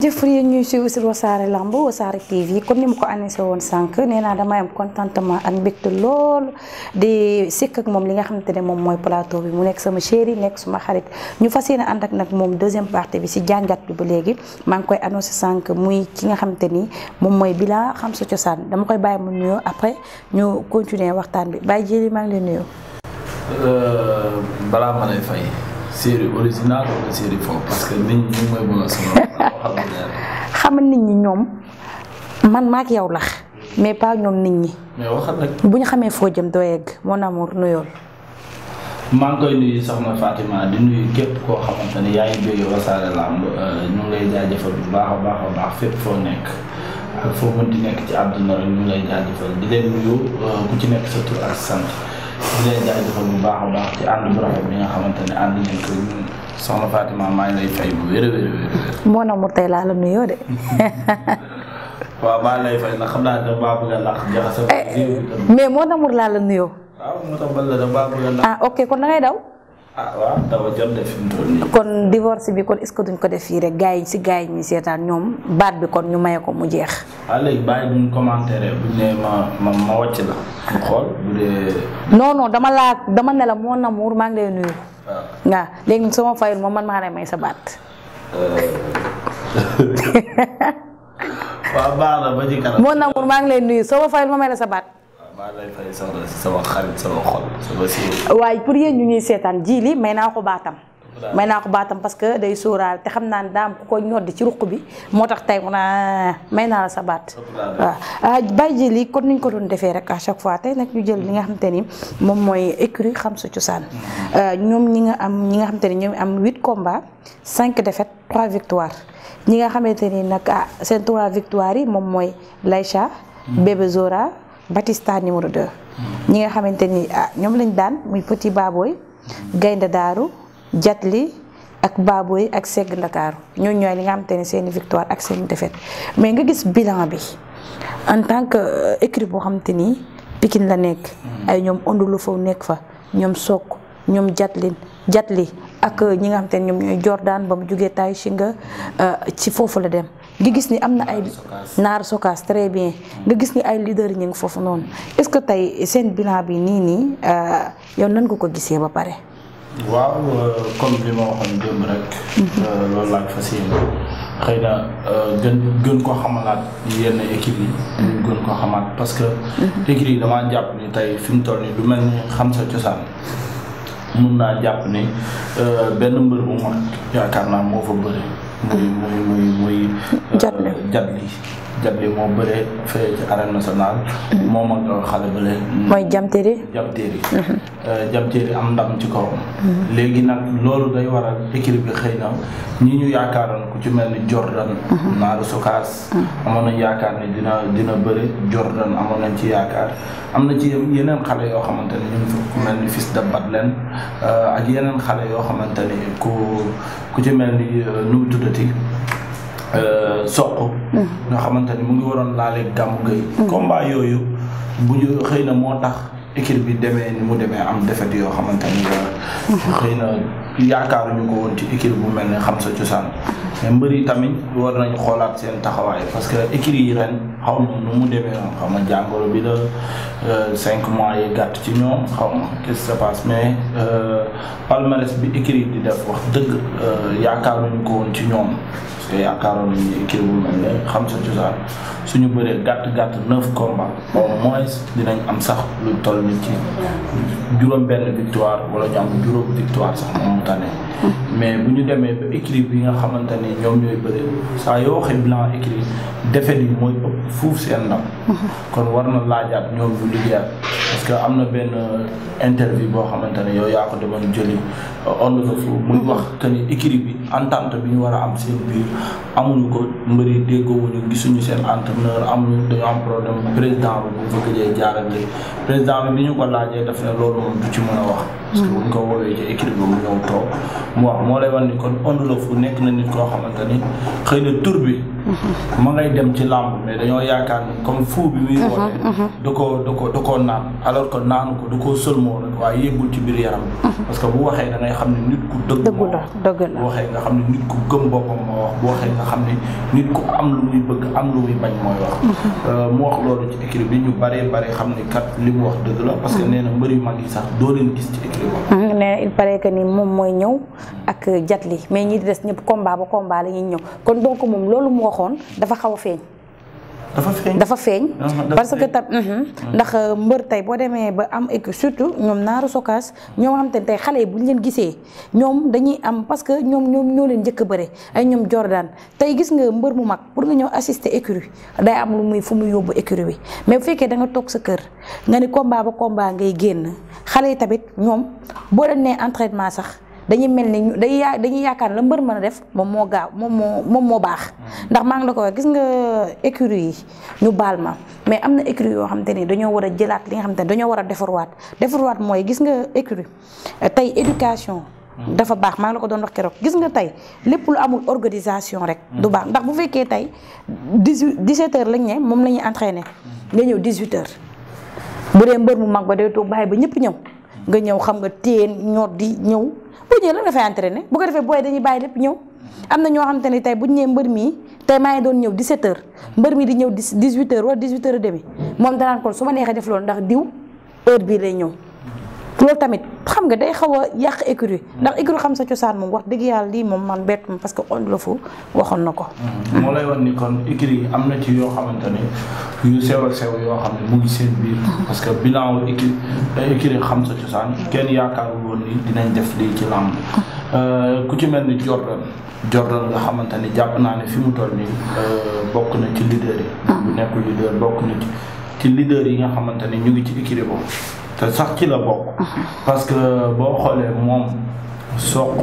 jëfër yi ñuy suivre sur wasaare lamb wasaare TV comme ni ma ko annoncé woon sànq nee naa damay am contentement ak mbégte lool di sikk ak moom li nga xamante ne moom mooy plateau bi mu nekk sama chéri nekk suma xarit ñu fas yéene ànd ak nag moom deuxième partie bi si jàngat bi ba léegi maa ngi koy annoncé sànq muy ki nga xamante ni moom mooy bilan xam sa cosaan dama koy bàyyi mu nuyoo après ñu continuer waxtaan bi bàyyi jëli maa ngi lay nuyoo. Euh, série original wala série foofu parce que nit ñi mooy bëgg a sonal xam nit ñi ñoom man maak yow lax mais pas ñoom nit ñi. mais waxal nag. bu ñu xamee foo jëm doo yegg moo amour nuyool. maa ngi koy nuyu soxna Fatima di nuyu képp koo xamante ne yaa ngi jóge Wassare euh, ñu ngi lay jaajëfal bu baax a baax a baax fépp foo nekk. ak foo mënti nekk ci àdduna rek ñu ngi lay jaajëfal di leen nuyu euh, ku ci nekk sa tur ak sant di leen jaajëfal bu baax a baax ci ànd bu rafet bi nga xamante ne ànd nañ ko ñun soxna Fatima maa ngi lay fay bu wér a wér a wér. moo na laa la nuyoo waaw maa ngi lay fay nag xam naa ne a làq eh, mais moo na laa la nuyoo. waaw moo tax man la de maa bëgg ah ok kon da daw. ah waaw dafa jot de mu toll nii kon divorce bi kon est-ce duñ ko def fii rek gars yi si gars yi ñuy seetaan ñoom baat bi kon ñu maye ko mu jeex. ah léegi bàyyi buñ commentaire buñ ne ma ma ma wàcc la. dama laa dama ne la mon maa ngi lay nuyu. waaw ah. waaw léegi sama fayul moom man maa lay may sa baat. Euh. waaw baax maa ngi lay nuyu sama fayul ma may la sa baat. waaye pour yéen ñu ñuy seetaan ji li may naa ko baatam. may naa ko baatam parce que day sóoraal te xam naa ne daam ku ko ñoddi ci ruq bi moo tax tey mu ah, may naa sa baat waaw bàyyi ji kon ni ko doon defee rek à fois tey nag ñu jël li nga xam te ni moom mooy écurie xam sa cosaan ah, ñoom ñi nga am ñi nga xam te ni ñoom am huit combats cinq défaites trois victoires ñi nga xamante ni nag ah seen trois victoires yi moom mooy Laycha hmm. Bébé Zora Batista numéro 2. ñi nga xamante ni ah ñoom lañ daan muy Petit Baboy. Gaynde Daaru Jatli ak Baboy ak Segg Ndakaaru ñoo ñooy li nga xamante ni seeni victoire ak seen défaite mais nga gis bilan bi en tant que euh, écrit boo xamante ni Pikine la nekk. ay ñoom ondulu faw nekk fa ñoom sook ñoom Jatlin Jatli ak euh, ñi nga xamante ni ñoom ñooy Jordan ba mu jugee Tay Shinga euh, ci foofu la dem. nga gis ni am na ay naaru sokaas très bien nga gis ni ay leader ñu foofu noonu est-ce que tey seen bilan bi nii nii euh, yow nan ko ko gisee ba pare waaw euh, comme li ma waxoon mhm. euh, na gën gën ko xamalaat mhm. gën ko xamaat parce que mhm. équipe yi damaa jàpp ni tey fi mu toll ni lu mel ni xam sa cosaan mun naa jàpp ni benn mbër bu yaakaar naa moo fa bëri mooy mooy mooy. jatli jatli jabli moo bëre fee ci arène nationale mm-hmm. moom ak xale bële mooy jamtéeri jamtéeri mm-hmm. euh, jamtéeri am ndam ci kawam mm-hmm. léegi nag loolu day waral équipe bi xëy na ñi ñu yaakaaroon ku ci mel ni Jordan naaru sokaas amoon nañ yaakaar ni dina dina bëre Jordan amoon nañ ci yaakaar am na ci yeneen xale yoo xamante ne ñu ku mel ni fils de Badlen euh, ak yeneen xale yoo xamante ni ku ku ci mel ni euh, nu mu tuddati Euh, soq mm. nga xamante ni mu ngi waroon laale Gamou mm. Gueye combat yooyu bu ñu xëy na moo tax équipe bi demee ni mu demee am défaite yoo xamante ni euh, mm-hmm. xëy na yaakaaruñu ko woon ci équipe bu mel ne xam sa cosaan mais mbër yi tamit war nañu xoolaat seen taxawaay parce que écurie yi ren xaw ma nu mu demee noonu xaw ma jàngoro bi la euh, cinq mois yi gàtt ci ñoom xaw ma qu'est-ce qui se passe mais euh, palmarès bi yi di def wax dëgg euh, yaakaaruñu ko woon ci ñoom parce que yaakaaroon nañu écurie bu mel ne xam sa cosaan suñu bëree gàtt gàtt neuf combats au moins dinañ am sax lu toll ni ci juróom benn victoire wala ñu am juróom victoire sax moom mu tane hmm. mais bu ñu demee ba écurie ni ñoom ñooy bëri saa yoo waxee bilan écrit defe ni mooy ëpp fuuf seen ndam. kon war na laajaat ñoom ñu liggéeyaat parce que am na benn interview boo xamante ne yow yaa ko demoon jëli euh, on the floor muy wax te ni écrit bi entente bi ñu war a am seen biir amuñu ko mbëri déggoowuñu gisuñu seen entraîneur amuñu dañu am problème président bi bu ñu fa gëjee jaarale président bi ñu ko laajee daf ne loolu moom du ci mën a wax. parce que bu ñu ko woowee ci équipe bi mu ñëw toog mu wax moo lay wan ni kon Onde le Fou nekk na nit koo xamante ni xëy na tur bi. ma ngay dem ci làmb mais dañoo yaakaar ni comme fou bi muy woote da koo da ko da koo naan alors que naanu ko da koo sëlmoo waaye yëgul ci biir yaram uh-huh. parce que bu waxee da ngay xam ne nit ku dëgg dëgg la bu waxee nga xam ne nit ku gëm boppam moo wax bu ne nit ku am lu muy bëgg am lu muy bañ mooy wax uh-huh. euh, mu wax loolu ci écrit bi ñu bare bare xam ne kat li mu wax dëgg la parce que uh-huh. nee na mbëri mag sax doo gis ci écrit ba nee na il paraît que ni moom mooy ñëw ak jatli mais ñi di des ñëpp combat ba combat ñuy ñëw kon donc moom loolu mu waxoon dafa xaw a feeñ. dafa feeñ dafa feeñ. Ah, parce que mhm. ah. ndax euh, mbër tey boo demee ba am surtout ñoom naaru sokaas ñoo tey xale yi bu ñu leen gisee ñoom dañuy am parce que ñoom ñoom ñoo leen njëkk a bëre ay ñoom Jordan tey gis nga mbër mu mag pour nga ñëw assister écurie day am lu muy fu muy yóbbu écurie bi mais bu fekkee da nga toog sa kër nga ni combat ba ngay génn xale yi tamit ñoom boo leen nee entraînement sax. dañuy mel ni ñu day yaa dañuy yaakaar la mbër mën a def moom moo gaaw moom moo moom moo baax. ndax maa ngi la ko wax gis nga écurie yi ñu baal ma mais am na écurie yoo xamante ni dañoo war a jëlaat li nga xamante ni dañoo war a defarwaat defarwaat mooy gis nga écurie tey éducation. dafa baax maa ngi la ko doon wax keroog gis nga tey lépp lu amul organisation rek. du baax ndax bu fekkee tey dix huit dix sept heures lañ ne moom la ñuy entraîné nga ñëw dix huit heures bu dee mbër mu mag ba day toog bàyyi ba ñëpp ñëw. nga ñëw xam nga téen ñor di ñëw boo ñëwee lan nga fay ne bu ko defee booy dañuy bàyyi lépp ñëw am na ñoo xamante ne tey bu ñu nee mbër mii tey maa ngi doon ñëw 17h mbër mi di ñëw 18h wala 18h30 moom danaan kon su ma neexee def loolu ndax diw heure bii lay ñëw loolu tamit xam nga day xaw a yàq écurie ndax écurie xam sa cosaan moom wax dëgg yàlla lii moom man bett ma parce que on la fu waxoon na ko. moo lay won ni kon écurie am na ci yoo xamante ne yu sew a mu ngi seen biir. parce que bilan écurie écurie xam sa cosaan kenn yaakaarul woon ni dinañ def lii ci làmb. Euh, ku ci mel ni Jordan Jordan nga xamante ni jàpp naa ne fi mu toll nii euh, bokk na ci leader yi. bu ah. nekkul leader bokk na ci ci yi nga xamante ne ñu ngi ci écurie boobu. te sax ci la bokk. Uh-huh. parce que boo xoolee moom soq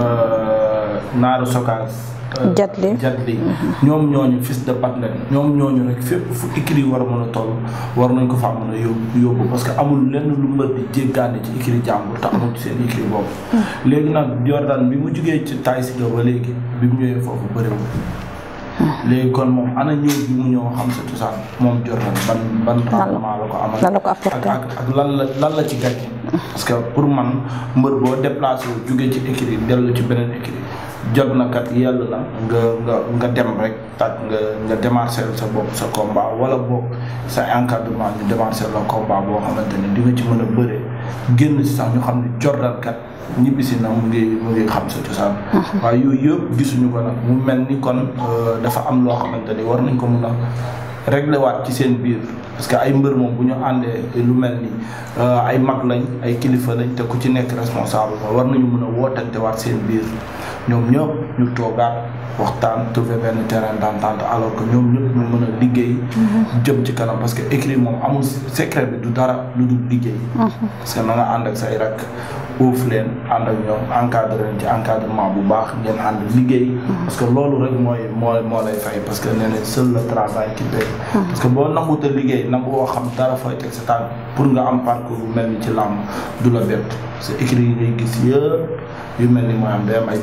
euh, naaru sokaas. Euh, jatli jatli uh-huh. ñoom ñooñu fis de Patte ñoom ñooñu rek fépp fu écurie war a mën a toll war nañ ko fa mën a yóbbu yóbbu parce que amul lenn lu mbër di jéggaane ci écurie jàmbur te amul seen écurie boobu uh-huh. léegi nag Jordan bi mu jugee ci taay si ba léegi bi mu ñëwee foofu bëriwul léegi kon moom ana ñëw bi mu ñëw xam sa cosaan moom jot na ban ban rendement la ko amal lan la ko apporté ak ak lan la lan la ci gàcce parce que pour man mbër boo déplacé wu jóge ci écurie dellu ci beneen écurie jot na kat yàlla na nga nga dem rek tak nga nga démarché sa bopp sa combat wala boog sa encadrement ñu démarché la combat boo xamante ni di nga ci mën a bëree génn si sax ñu xam ne Jordan ñibbisi na mu ngi mu ngi xam sa cosaan. waaye yooyu yëpp gisuñu ko nag mu mel ni kon euh, dafa am loo xamante ni war nañ ko mun a réglé waat ci seen biir. parce que ay mbër moom bu ñu àndee lu mel ni euh, ay mag lañ ay kilifa lañ te ku ci nekk responsable war nañu mun a wootante waat seen biir. ñoom ñëpp ñu toogaat waxtaan trouver benn terrain d'entente alors que ñoom ñëpp ñu mën a liggéey. Mhm. jëm ci kanam parce que écrit moom amul secret bi du dara lu dul liggéey. Mhm. parce que na ànd ak say rek uuf leen ànd ak ñoom encadré leen ci encadrement bu baax ngeen ànd liggéey. Mhm. parce que loolu rek mooy moo moo lay fay parce que nee na seul le travail qui paie. parce que boo nanguut a liggéey nangu woo xam dara fooy teg pour nga am parcours bu mel ni ci làmb du la bett yi ngay yu mel ni maanaam day am ay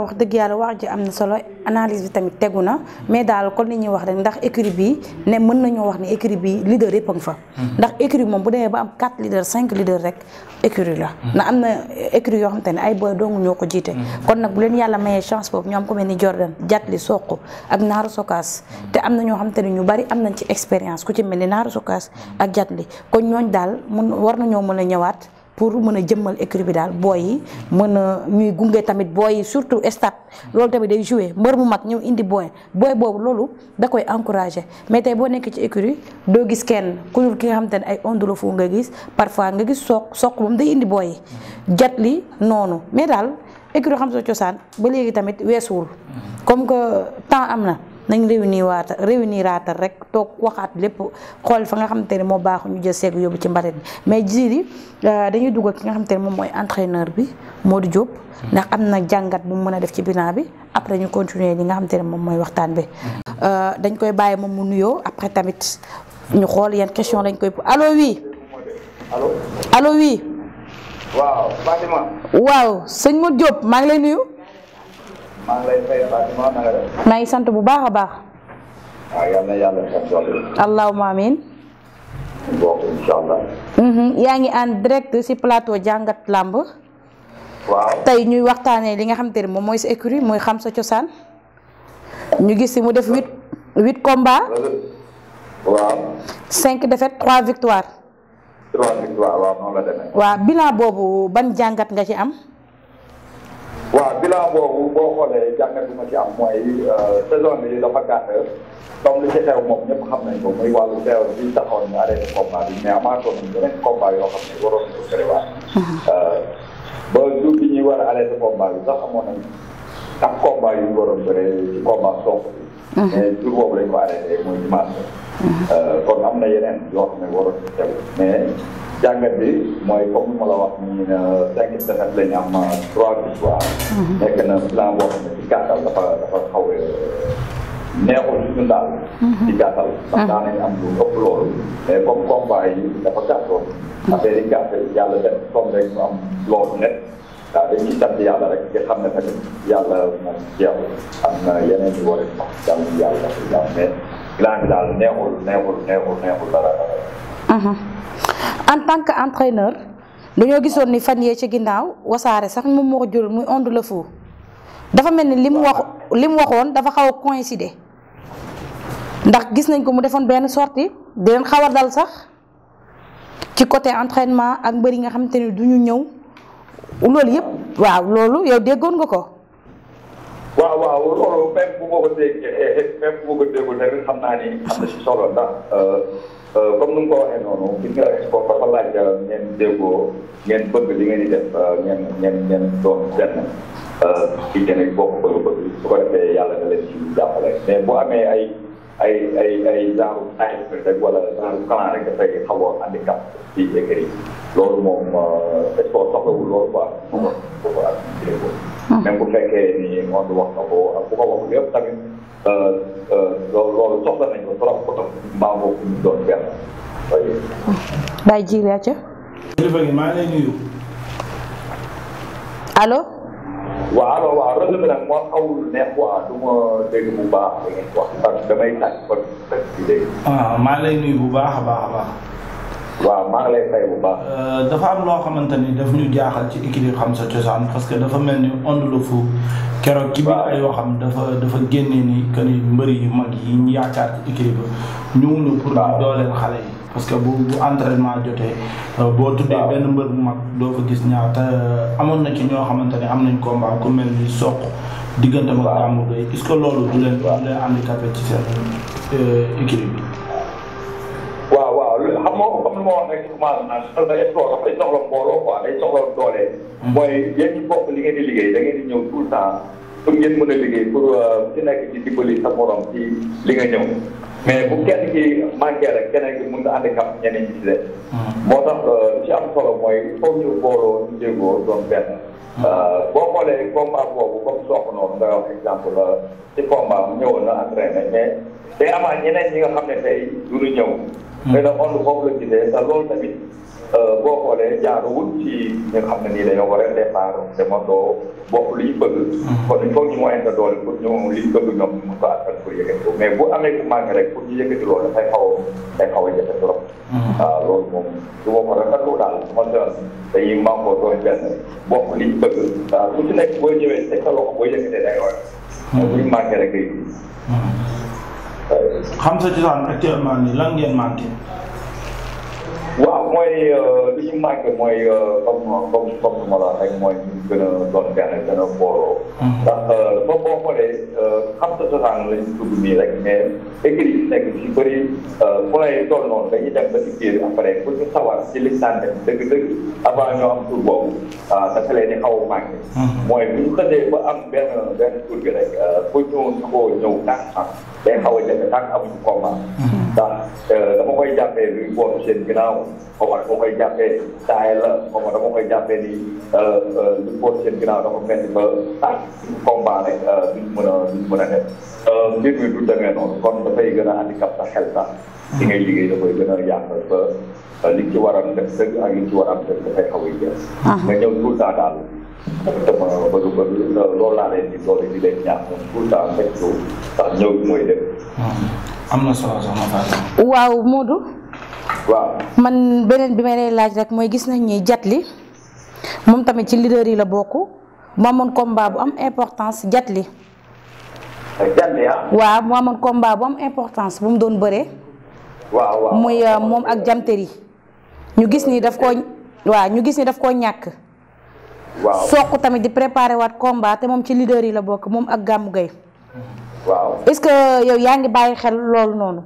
wax dëgg yàlla wax ji am na solo analyse bi tamit tegu na mais daal kon li ñuy wax rek ndax écurie bi ne mën nañoo wax ne écurie bi leader yëpp fa. Mhm. ndax écurie moom bu demee ba am 4 leaders 5 leaders rek écurie la. Mhm. na am na écurie yoo xamante ne ay boy dong ñoo ko jiite. Mhm. kon nag bu leen yàlla mayee chance boobu ñoo am ko mel ni Jordan Jatli Sokko ak Naaru Sokaas te am nañu ñoo xam te ne ñu bari am nañ ci expérience ku ci mel ni Naaru Sokaas ak Jatli kon ñooñ daal mun war nañoo mën a ñëwaat pour mën a jëmmal écurie bi daal booy yi mën a ñuy gunge tamit booy yi surtout stade loolu tamit day joué mbër mu mag ñëw indi booy booy boobu loolu da koy encouragé mais tey boo nekk ci écurie doo gis kenn ku dul ki nga xamante ne ay ondula fu nga gis parfois nga gis soq soq moom day indi booy yi li noonu mais daal écurie xam sa cosaan ba léegi tamit weesuwul comme nañ réunir waata réunir waatal rek toog waxaat lépp xool fa nga xamante ne moo baaxuñu ñu jël seeg yóbbu ci mbaret bi mais jiri euh, dañuy dugg ak ki nga xamante ne moom mooy entraîneur bi moo di Diop. ndax am na jàngat bu mu mën a def ci bilan bi après ñu continuer li nga xamante ne moom mooy waxtaan bi. Euh, dañ koy bàyyi moom mu nuyoo après tamit ñu xool yan question dañ koy allo oui. allo allo waaw Fatima. waaw sëñ maa ngi lay nuyu. maa ngi sant bu baax a baax. waaw yal mm-hmm. yaa ngi en direct ci plateau jàngat làmb. tey ñuy waxtaanee li nga xam te ne moom mooy sa écurie mooy xam sa cosaan. ñu gis si mu def huit huit combats. waaw. cinq défaites trois victoires. trois bilan boobu ban jàngat nga ci am. waaw bilan boobu boo xoolee jàngat bi ma ci am mooy euh, saison bi dafa gàtt comme li ci xew moom ñëpp xam nañ ko muy wàllu feebar bi taxoon ñu arrêté combat bi mais amaatoon nañ beneen combat yoo xam ne waroon nañ ko prévoir uh-huh. euh, ba jour bi ñuy war a arrêté combat bi sax amoon nañ tax combat yu ñu waroon bëree ci Mhm. mais jour boobu lañ ko arrêté mooy dimanche mhm. euh, kon am na yeneen yoo xam ne waroon ci tegu mais jàngat bi mooy comme ni ma la wax nii euh, cinq défaites la ñu am euh, trois victoires mhm. nekk na plan boo xam ne ci gàttal dafa dafa xaw neexul ci ñun daal ci gàttal ndax ah. daanañ am lu ëpp loolu mais comme combat yi dafa gàttoon affaire yi gàttal yàlla def comme rek ñu net waaw dañ ci sant yàlla rek nga na mhm. en tant que entraîneur dañoo gisoon ni fan yee ci ginnaaw wasaare sax moom moo ko jël muy Onde le Fou dafa mel ni li waxoon dafa xaw a coïncider ndax gis nañ ko mu defoon benn sorti di leen dal sax ci côté entraînement ak mbër yi nga xamante ni duñu ñëw. loolu yëpp waaw loolu yow déggoon nga ko. waaw waaw loolu même bu ma ko déggee même bu ma xam naa ni am na si solo ndax euh, euh, comme ni nga ko waxee noonu bi nga expo dafa laaj euh, ngeen déggoo ngeen bëgg li ngeen di def ngeen ngeen ngeen doon benn ci keneen bokk bëgg-bëgg su ko defee yàlla da leen ci jàppale mais bu amee ay. ay ay ay genre AFP rek wala genre clan rek dafay xaw a handicap ci écrits yi loolu moom euh, sport soxlawul loolu quoi. Mm-hmm. Mm-hmm. même bu fekkee ni moom du wax na ko ak bu ko waxul yëpp tamit euh, euh, loolu loolu soxla nañ ko trop ko tam mbaa boobu ñu doon benn. Baye Djily Atia. jërëjëf maa ngi lay nuyu. allo. waaw waaw rëdd bi nag moo bu baax li ngeen wax parce que maa lay nuyu bu baax a baax a baax. waaw maa ngi lay dafa am loo xamante ni daf ñu jaaxal ci équipe xam sa cosaan parce que dafa mel ni Onde le Fou keroog ci biir ay waxam dafa dafa génne ni que ni mbëri yu mag yi ñu yaakaar ci équipe ba ñëw na pour dooleel xale yi. parce que bu bu entraînement jotee euh, boo tuddee benn mbër bu mag doo fa gis ñaar te euh, amoon na ci ñoo xamante ne am nañ combat ku mel ni soq diggante mag Gamou Gueye est-ce que loolu du leen du leen handicapé ci seen euh, équilibre bi. nga comme li ma wax rek maanaam day soxla day soxla mbooloo quoi day soxla doole. Hmm. mooy yéen ñi bokk li ngeen di liggéey da di ñëw tout le temps. pour ngeen mën a liggéey pour euh, ci nekk di dimbali sa morom ci li nga ñëw mais bu kenn ki manqué rek keneen ki mën a handicap ñeneen ñi ci des hmm. moo tax euh, ci am solo mooy foog ñu booloo ñu jéegoo doon benn hmm. euh, boo xoolee combat boobu comme sook noonu nga wax exemple ci combat mu ñëwoon na entraîné mais day amaat ñeneen ñi nga xam ne tey du ñu ñëw xëy na ond boobu la gisee te loolu tamit boo xoolee jaaruwul ci ñi nga xam ne nii dañoo war a départ te doo bokk li ñu bëgg. kon il faut ñu moyen de doole pour ñu li ñu bëgg ñoom ñu mën ko àttan pour yëkkati ko mais bu amee ku manqué rek pour ñu yëkkati loolu dafay xaw a day xaw a jafe trop. waaw loolu moom du ma ko rafetlu daal man dañuy manqué doole benn bokk li ñu bëgg. waaw ku ci nekk boo ñëwee teg sa loxo boo yëkkatee day war. bu ñu manqué rek day. xam sa cosaan actuellement nii lan ngeen manqué. waaw mooy euh, li ñu manqué mooy euh, comme comme comme nu ma la rek mooy ñu gën a doon benn gën a booloo. Mm-hmm. ndax dafa euh, boo xoolee xam sa cosaan lañ tudd nii rek mais écrits yi nekk ci bëri poulain yi toll noonu dañuy dem ba ci biir après pour ñu sawar ci li daan def dëgg-dëgg avant ñoo am tur boobu ah, dafa leen di xaw a manqué. Mm-hmm. mooy bu ñu xësee ba am benn benn tur bi rek pour ñu ñu ko ñëw tànk day xaw a jafe tànk amuñu combat. Mm-hmm. ndax dama koy jàppee luy boot seen ginnaaw xaw ma dama koy jàppee saay la xaw ma dama koy jàppee ni lu boot seen ginnaaw dafa metti ba ak combat rek duñ mën a duñ mën a def mbir mi du demee noonu kon dafay gën a handicap sa xel sax li ngay liggéey dafay gën a yàq ba li ci war a def dëgg ak li ci war a def dafay xaw a jeex nga ñëw tout le temps daal Hmm. am na solo waaw Modou. man beneen bi may lay laaj rek mooy gis nañ ni Jatli moom tamit ci leader yi la bokk mu amoon combat bu am importance Jatli. Jatli ah. waaw mu amoon combat bu am importance bu mu doon bëree. muy euh, moom ak jamteri ñu gis nii daf koo waaw ñu gis ni daf koo ñàkk. waaw soq tamit di préparer waat combat te moom ci leader yi la bokk moom ak gàmmu Gueye. waaw est-ce que yow yaa ngi bàyyi xel loolu noonu.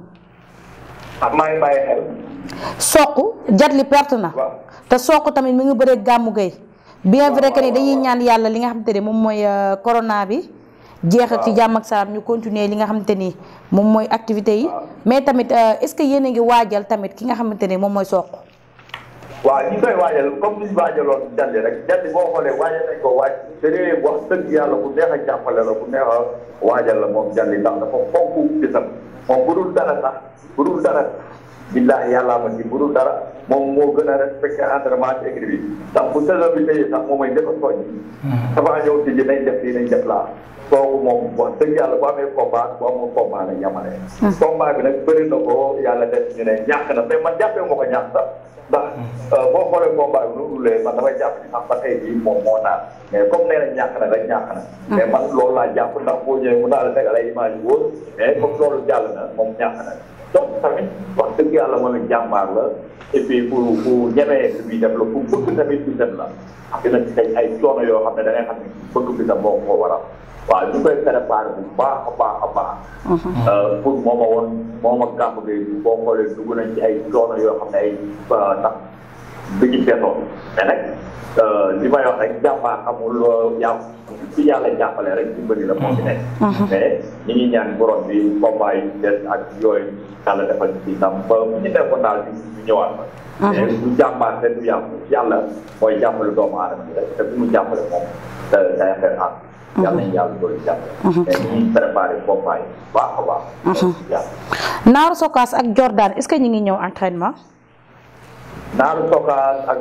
ah maa ngi bàyyi xel. soq jatli perte na. te soq tamit mu ngi bëree Gamou Gueye. bien vrai que ni dañuy ñaan yàlla li nga xamante ne moom mooy euh, corona bi. jeex ak ci jàmm ak salaam ñu continuer li nga xamante ni moom mooy activité yi. mais tamit euh, est-ce que yéen a ngi waajal tamit ki nga xamante ne moom mooy soq. waaw ñu koy waajal comme niñ waajaloon jalli rek jalli boo xoolee waajal nañ ko waaj te dee dëgg yàlla bu neex a jàppale la bu neex a waajal la moom jalli ndax ko fonk bisam moom bu dul dara sax bu dul dara billaahi yàllaa ma ci bu dul dara moom moo gën a respecté entraînement ci équipe bi sax bu saison bi tëyee sax moom mooy def a soññ hmm. avant ñëw ci ji nañ def lii nañ def laa kooku moom wax dëgg yàlla bu amee combat bu amul combat la ñamale hmm. combat bi nag bëri na ko yàlla def ñu ne ñàkk na mais man jàppee moo ko ñàkk sax ndax hmm. euh, boo xoolee combat bi nu ulee man damay jàpp ni sax ba tey jii moom moo naan mais comme nee na ñàkk na rek ñàkk na mais man loolu laa jàpp ndax boo ñëwee mu naa la tegal ay image wóor mais comme loolu jàll na moom ñàkk na donc tamit wax dëgg yàlla wala jàmbaar la et pour pour ñemee lu la pour bëgg tamit lu def la dina ci ay coono yoo xam ne da ngay xam ne bëgg bi tam moo ko waral waaw ñu koy préparé bu baax a baax a mhm. euh, pour moo ma woon moo ma gàmm gi boo xoolee dugg nañ ci ay coono yoo xam ne ay tax. Euh, bi ñu seetoon mais nag li may wax rek jàppaa xamul yàlla ci yàlla jàppale rek ci bëri la moo fi nekk. mais ñi ngi ñaan borom bi combat yi des ak yooyu yàlla defal ci tam ba ñu nekkoon daal di ñëwaat fa. mais bu jàppaa seen yàlla yàlla mooy jàppale doomu aadama bi rek te bu mu jàppale moom da day xeer aat. yàlla nañu yàlla doon jàppale. mais ñu ngi préparé combat yi baax a baax. Naaru Sokaas ak Jordan est-ce que ñu ñëw entraînement. naaru sokaas ak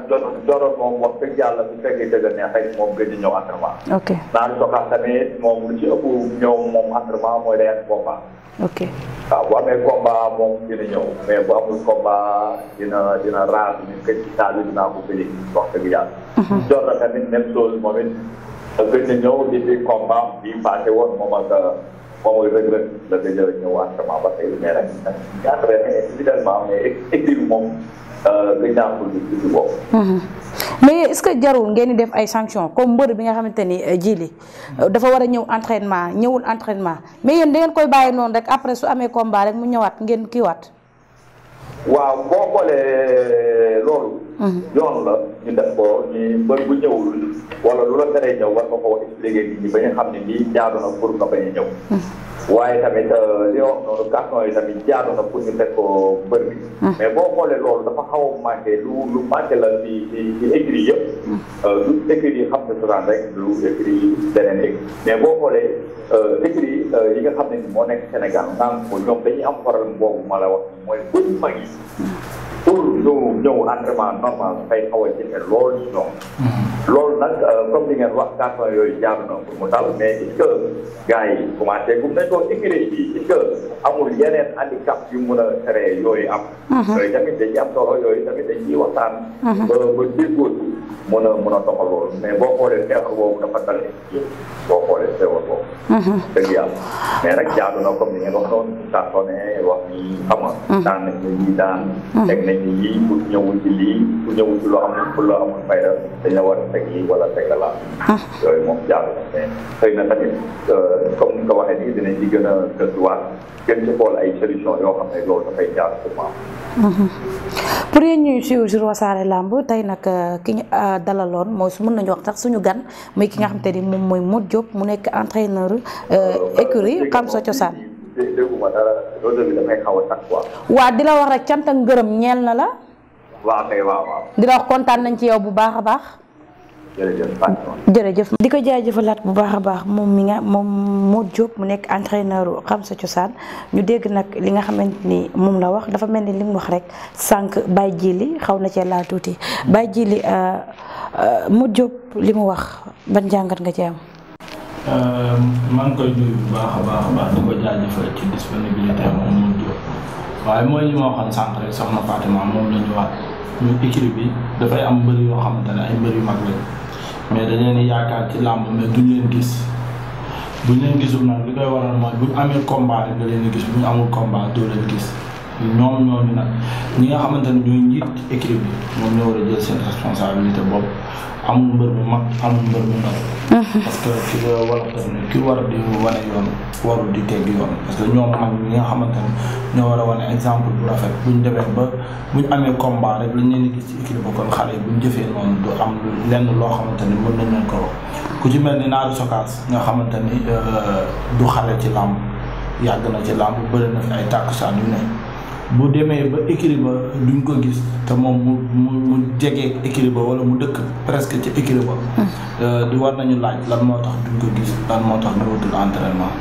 jorot moom wax dëgg yàlla bu fekkee dëgg ne xëy moom gën ñëw entraînement. ok naaru sokaas tamit moom lu ci ëpp ñëw moom entraînement mooy day am combat. ok waaw bu moom dina ñëw mais bu amul combat dina dina raas ñu ci saal bi dinaa ko bëri wax dëgg yàlla. Mhm. jorot tamit même chose moom it gën ñëw di fi combat bi passé moom ak. mooy Reug mhm. mais est-ce que jarul ngeen di def ay sanctions comme mbër bi nga xamante ni euh, jiili euh, dafa war a ñëw entraînement ñëwul entraînement mais yéen da ngeen koy bàyyi noonu rek après su amee combat rek mu ñëwaat ngeen kiiwaat. waaw boo euh, loolu. Mm-hmm. yoon la ñu def ko ni mbër bu ñëwul wala lu la teree ñëw war nga koo expliqué nit ñi ba ñu xam ne ñi jaadu na pour nga bañ a ñëw mm-hmm. waaye tamit euh, li wax noonu carton yi tamit jaadu na pour ñu teg ko mbër mm-hmm. mais boo xoolee loolu dafa xaw a manqué lu lu manqué la ci ci ci écrit yëpp euh, du yi xam ne souvent rek lu écrit beneen écrit mais boo xoolee euh, écrit yi nga xam ne ni moo nekk Sénégal naan ko ñoom dañuy am problème boobu ma la wax mooy bëñ mag pour ñëw ñëw entraînement normal dafay xaw a jafe lool ci ñoom. loolu nag comme li ngeen wax quatre ans yooyu jaar na pour mu dal mais est-ce que gars yi commencé gum nañ koo écrire bi est-ce que amul yeneen handicap yu mun a créer yooyu am yooyu tamit dañ ci am solo yooyu tamit dañ ciy waxtaan ba ba déggoo mun a mun a doxal loolu mais boo xoolee feebar boobu dafa dal boo xoolee feebar boobu dëgg yàlla mais nag jaadu na comme ni ngeen wax noonu saa soo ne wax ni xama daan nañ ñu ñii daan teg nañ ñu yii pour ñëwul ci lii pour ñëwul ci loo amul pour loo amul fayda dañ la war a a gëstuwaat gën ci xool pour yéen ñuy suivre Wassare Lamb tey nag ki ñu dalaloon mooy su mën nañu wax tax suñu gan muy ki nga xam te ni moom mooy mot Diop mu nekk entraîneur écurie Xam Sa Cosaan waaw di la wax rek cant ngërëm ñeel na la waaw kay di la wax kontaan nañ ci yow bu baax a baax jërëjëf di ko jëfalaat bu baax a baax moom mi nga moom moo Diop mu nekk entraîneur xam sa cosaan ñu dégg nag li nga xamante ni moom la wax dafa mel ni li mu wax rek sànq Baye li xaw na cee laa tuuti Baye Djili euh, euh, Modou Diop li mu wax ban jàngat nga ci am. Euh, koy nuyu bu baax a baax a baax di ko jaajëfal ci disponibilité moom Modou Diop waaye mooy li ma waxoon rek soxna Fatima moom la wax ñu équipe bi dafay am mbër yoo xamante ne ay mbër yu mag lañ. mais dañ leen yaakaar ci làmb mais duñ leen gis buñ leen gisul nag li koy waral mooy buñ amee combat rek nga leen di gis buñ amul combat doo gis. ñoom ñooñu nag ñi nga xamante ne ñooy njiit équipe bi ñoom ñu war a jël seen responsabilité bopp amul mbër mu mag amul mbër mu ndaw. parce que ki nga war a def war a di wane yoon warul di tegg yoon parce que nga xamante ne ñoo war a wane exemple bu rafet buñ demee ba buñ amee combat rek lañ leen di gis ci équipe ba kon xale yi buñ jëfee noonu du am lenn loo xamante ni mën nañ leen ko ku ci mel ni Naaru Sokaas nga xamante ni euh, du xale ci làmb yàgg na ci làmb bëri na fi ay tàkkusaan yu ne. bu demee ba écurie ba duñ ko gis te moom mu mu mu jegee écurie ba wala mu dëkk presque ci écurie ba. Euh, di war nañu laaj lan moo tax duñ ko gis lan moo tax dootul entraînement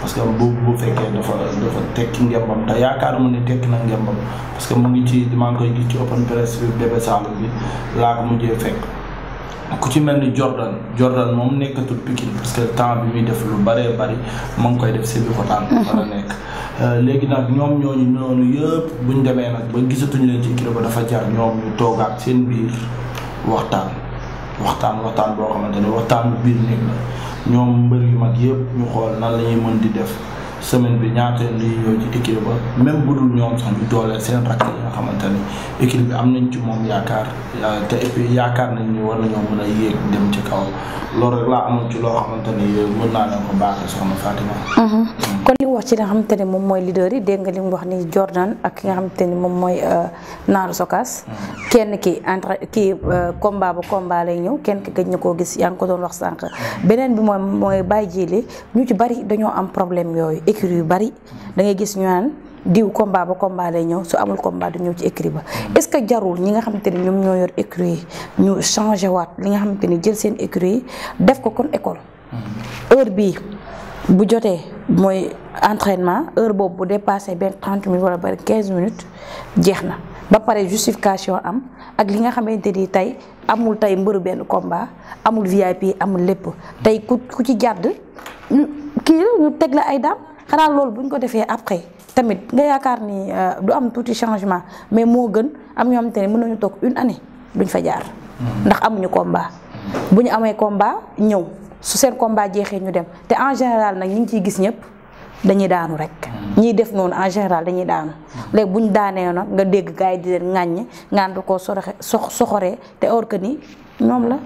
parce que bu bu fekkee dafa dafa tekki ngembam te mu ne tekki na ngembam parce que mu ngi ci maa ngi koy gis ci open press bi bébé bi laa ko mujjee fekk. ku ci mel ni Jordan Jordan moom nekkatul Pikine parce que temps bi muy def lu baree bari mu ngi koy def si bi ko tànn. a mhm. nekk. Euh, léegi nag ñoom ñooñu noonu yëpp ñu demee nag ba gisatuñ leen ci kilo ba dafa jar ñoom ñu toogaat seen biir waxtaan waxtaan waxtaan boo xamante ne waxtaan bu biir néeg la ñoom mbër yu man yëpp ñu xool nan lañuy mën di def semaine bi ñaata lii ñëw ci équipe ba même bu dul ñoom sax ñu dooleel seen rakk yi nga xamante bi am nañ ci moom yaakaar euh, te et yaakaar nañ ci loolu rek laa amoon naa leen ko baaxee mm-hmm. mm. wax ci li nga xamante moom mooy leader yi nga li mu wax ni Jordan ak ki nga xamante ni moom mooy euh, Naar Sokas. Mm. kenn ki entre ki euh, combat ba combat lay ñëw kenn ki gëj na koo gis yaa ngi ko doon wax sànq mm. beneen bi moom mooy bàyyi jiile ñu ci bari dañoo am problème yooyu. écurie yu bari da ngay gis ñu naan diw combat ba combat lay ñëw su amul combat du ñëw ci écurie ba est-ce que jarul ñi nga xamante ni ñoom ñoo yor écurie yi ñu changé waat li nga xamante ni jël seen écurie def ko kon école mm-hmm. heure bii bu jotee mooy entraînement heure boobu bu dépassé benn trente minutes wala benn quinze minutes jeex na ba pare justification am ak li nga xamante ni tey amul tey mbëru benn combat amul VIP amul lépp tey ku ku ci jàdd kii ñu teg la ay daam xanaa loolu bu ñu ko defee après tamit nga yaakaar ni euh, du am tuuti changement mais moo gën am ñoo xamante ne mën nañu toog une année duñ fa jaar. Mm-hmm. ndax amuñu combat. Mm-hmm. bu ñu amee combat ñëw su seen combat jeexee ñu dem te en général nag ñu ngi ciy gis ñëpp dañuy daanu rek. Mm-hmm. ñiy def noonu en général dañuy daanu. léegi buñ daanee nag nga dégg gars yi di leen ŋàññi ngaan du ko soxore soxoree te or que ni ñoom la.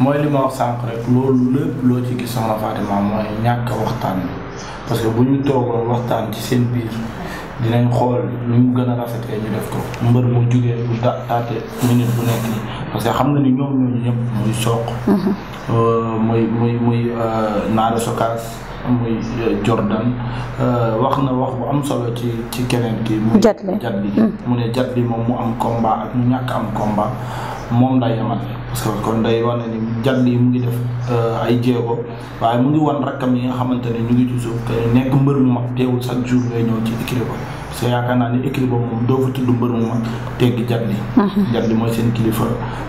mooy li wax sànq rek loolu lépp loo ci gis soxna Fatima mooy ñàkk waxtaan parce que bu ñu toogoon waxtaan ci seen biir dinañ xool nu mu gën a rafetee ñu def ko mbër mu jugee bu ta taatee bu nekk nii parce que xam na ni ñoom ñooñu ñëpp muy soq. Mhm. Euh, muy muy muy euh, naare sokaas. muy eh, Jordan euh, wax na wax bu am solo ci ci keneen ki muy jat bi hmm. mu ne jat bi moom mu am komba ak ñu ñàkk am komba moom lay yemale parce que kon day wane ni jàll yi mu ngi def euh, ay jéego waaye mu ngi wan rakkam yi nga xamante ne ñu ngi ci suuf te nekk mbër ma mag teewul chaque jour ngay ñëw ci écurie ba parce que yaakaar naa ni écurie ba moom doo fa tudd mbër mu mag teggi hmm. jàll mooy seen kilifa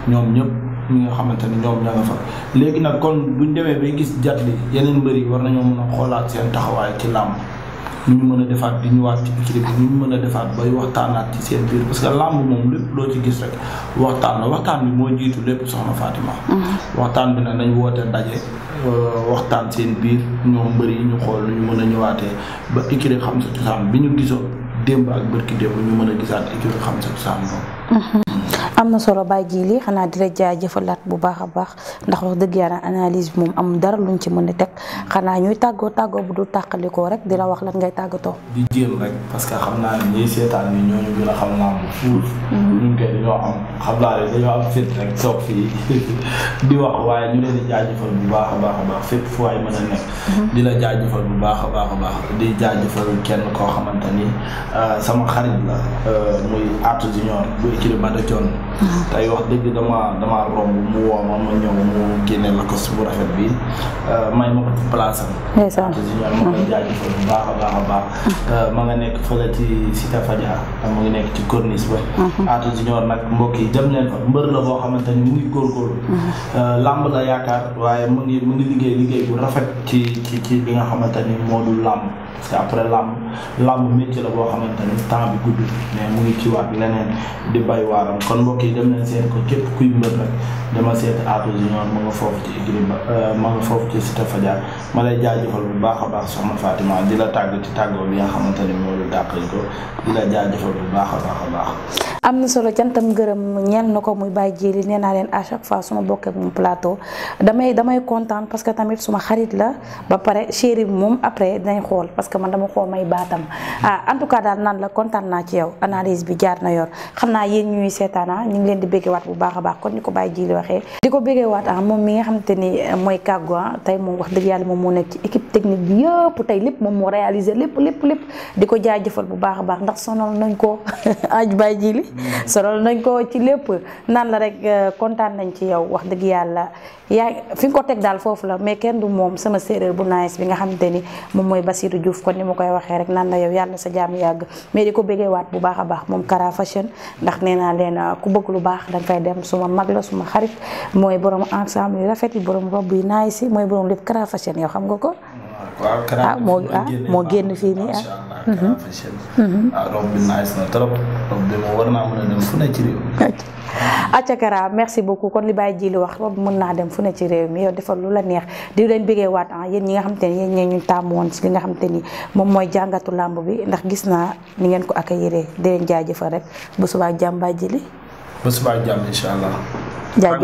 ñoom ñëpp ñi nga xamante ni ñoom ña fa léegi nag kon ñu demee bay gis jatli yeneen mbër yi war nañoo mën a xoolaat seen taxawaay ci làmb ñu mën a defaat di ñëwaat ci bi ñu mën a defaat bay waxtaanaat ci seen biir parce que làmb moom lépp loo ci gis rek waxtaan la waxtaan bi moo jiitu lépp soxna Fatima. Mm-hmm. waxtaan bi nag nañ woote ndaje euh, waxtaan seen biir ñoom mbër yi ñu xool nu ñu mën a ñëwaatee ba équipe xam sa cosaan bi ñu gisoon démb ak bërki démb ñu mën a gisaat équipe xam sa cosaan moom Mm-hmm. am na solo baay ji lii xanaa di la jaajëfalaat bu baax a baax ndax dëgg yàlla analyse moom am dara luñ ci mën a teg xanaa ñuy tàggoo tàggoo bu du tàqalikoo rek di wax lan ngay tàggatoo. di jéem parce que xam a xam mm-hmm. baax a baax mm-hmm. di la jaajëfal bu baax a baax kenn koo xamante euh, sama xarit la euh, muy Atou Junior kii ba coon ah. tey wax dëgg dama dama romb mu woo ma ma ñëw mu génne la bu rafet bi euh, may ma ko ci place am ndeysaan ma koy jaajëfal bu baax a baax a baax ah. euh, ma nga nekk fële ci Cité mu ngi nekk ci corniche ba ah. Atou Junior nag mbokk yi dem leen fa mbër la boo xamante ni mu euh, la yaakaar waaye mu ngi mu ngi liggéey bu rafet ci ci ci bi nga xamante ni moo dul làmb parce que après làmb làmb métier la boo xamante temps bi gudd mais mu ngi ci waat leneen bay waaram kon mbokk yi dem nañ seet ko képp kuy mbër rek dama seet Atou Junior ma nga foofu ci écurie ba euh, ma nga foofu ci Cité Fadia ma lay jaajëfal bu baax a baax soxna Fatima di la tàgg ci tàggoo bi nga xamante ni moolu dàqañ ko di la jaajëfal bu baax a baax a baax am na solo cantam gërëm ñeel na ko muy bàyyi jéeli nee naa leen à chaque fois su ma bokkee ak moom plateau damay damay kontaan tamit suma xarit la ba pare chéri bi moom après dinañ xool parce que man dama xool may baatam ah en tout cas daal naan la kontaan naa ci yow analyse bi jaar na yor xam naa yéen ñuy seetaana ah, ñu ngi leen di waat bu baax a baax kon ñu ko bàyyi jéeli waxee di ko béggewaat ah moom mi nga xamante ni mooy kàggu ah, tey moom wax dëgg moom moo nekk ci équipe technique bi yëpp tey lépp moom moo réalisé lépp lépp lépp di ko jaajëfal bu baax baax ndax solol nañ ko ci lépp naan la rek euh, kontaan nañ ci yow wax dëgg yàlla yaa fi nga ko teg daal foofu la mais kenn du moom sama séeréer bu nice bi nga xamante ni moom mooy Basirou Diouf kon ni ma koy waxee rek naan la yow yàlla sa jàmm yàgg mais di ko bëggee bu baax a baax moom Kara ndax nee naa leen euh, ku bëgg lu baax danga fay dem suma mag la suma xarit mooy borom ensemble yu rafet yi borom rob yu nice yi mooy borom lépp Kara Fashion yow xam nga ko ah, moo moo ah, génn fii nii ah Mhm. Canal Officiel. Mhm. ah robe merci beaucoup kon li baay ji wax robe mën naa dem fu ne ci réew mi yow defal lu la neex di leen bëggee waat ah yéen ñi nga xam te ne yéen ñoo ñu tàmm woon ci li nga xam te ni moom mooy jàngatu làmb bi ndax gis naa ni ngeen ko accueillir di leen jaajëfal rek bu subaa jàmm bàyyi bu subaa jàmm incha allah. jaajëf